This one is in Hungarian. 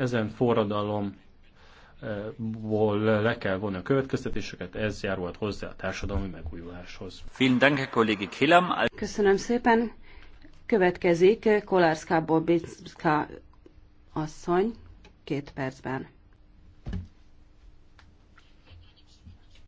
Ezen forradalomból eh, le kell vonni a következtetéseket, ez járult hozzá a társadalmi megújuláshoz. Köszönöm szépen. Következik Kolárszka Bobinska asszony két percben.